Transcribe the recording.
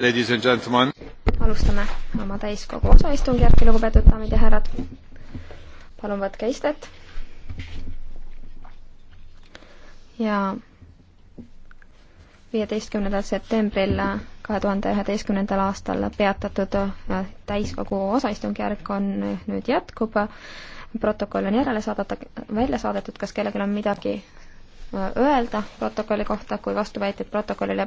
Ladies and gentlemen. alustame oma täiskogu osaistungjärki, lugupeetud daamid ja härrad. palun võtke istet. ja viieteistkümnendal septembril kahe tuhande üheteistkümnendal aastal peatatud äh, täiskogu osaistungjärk on äh, nüüd jätkub. protokoll on järele saadata, välja saadetud, kas kellelgi on midagi äh, öelda protokolli kohta, kui vastuväiteid protokollile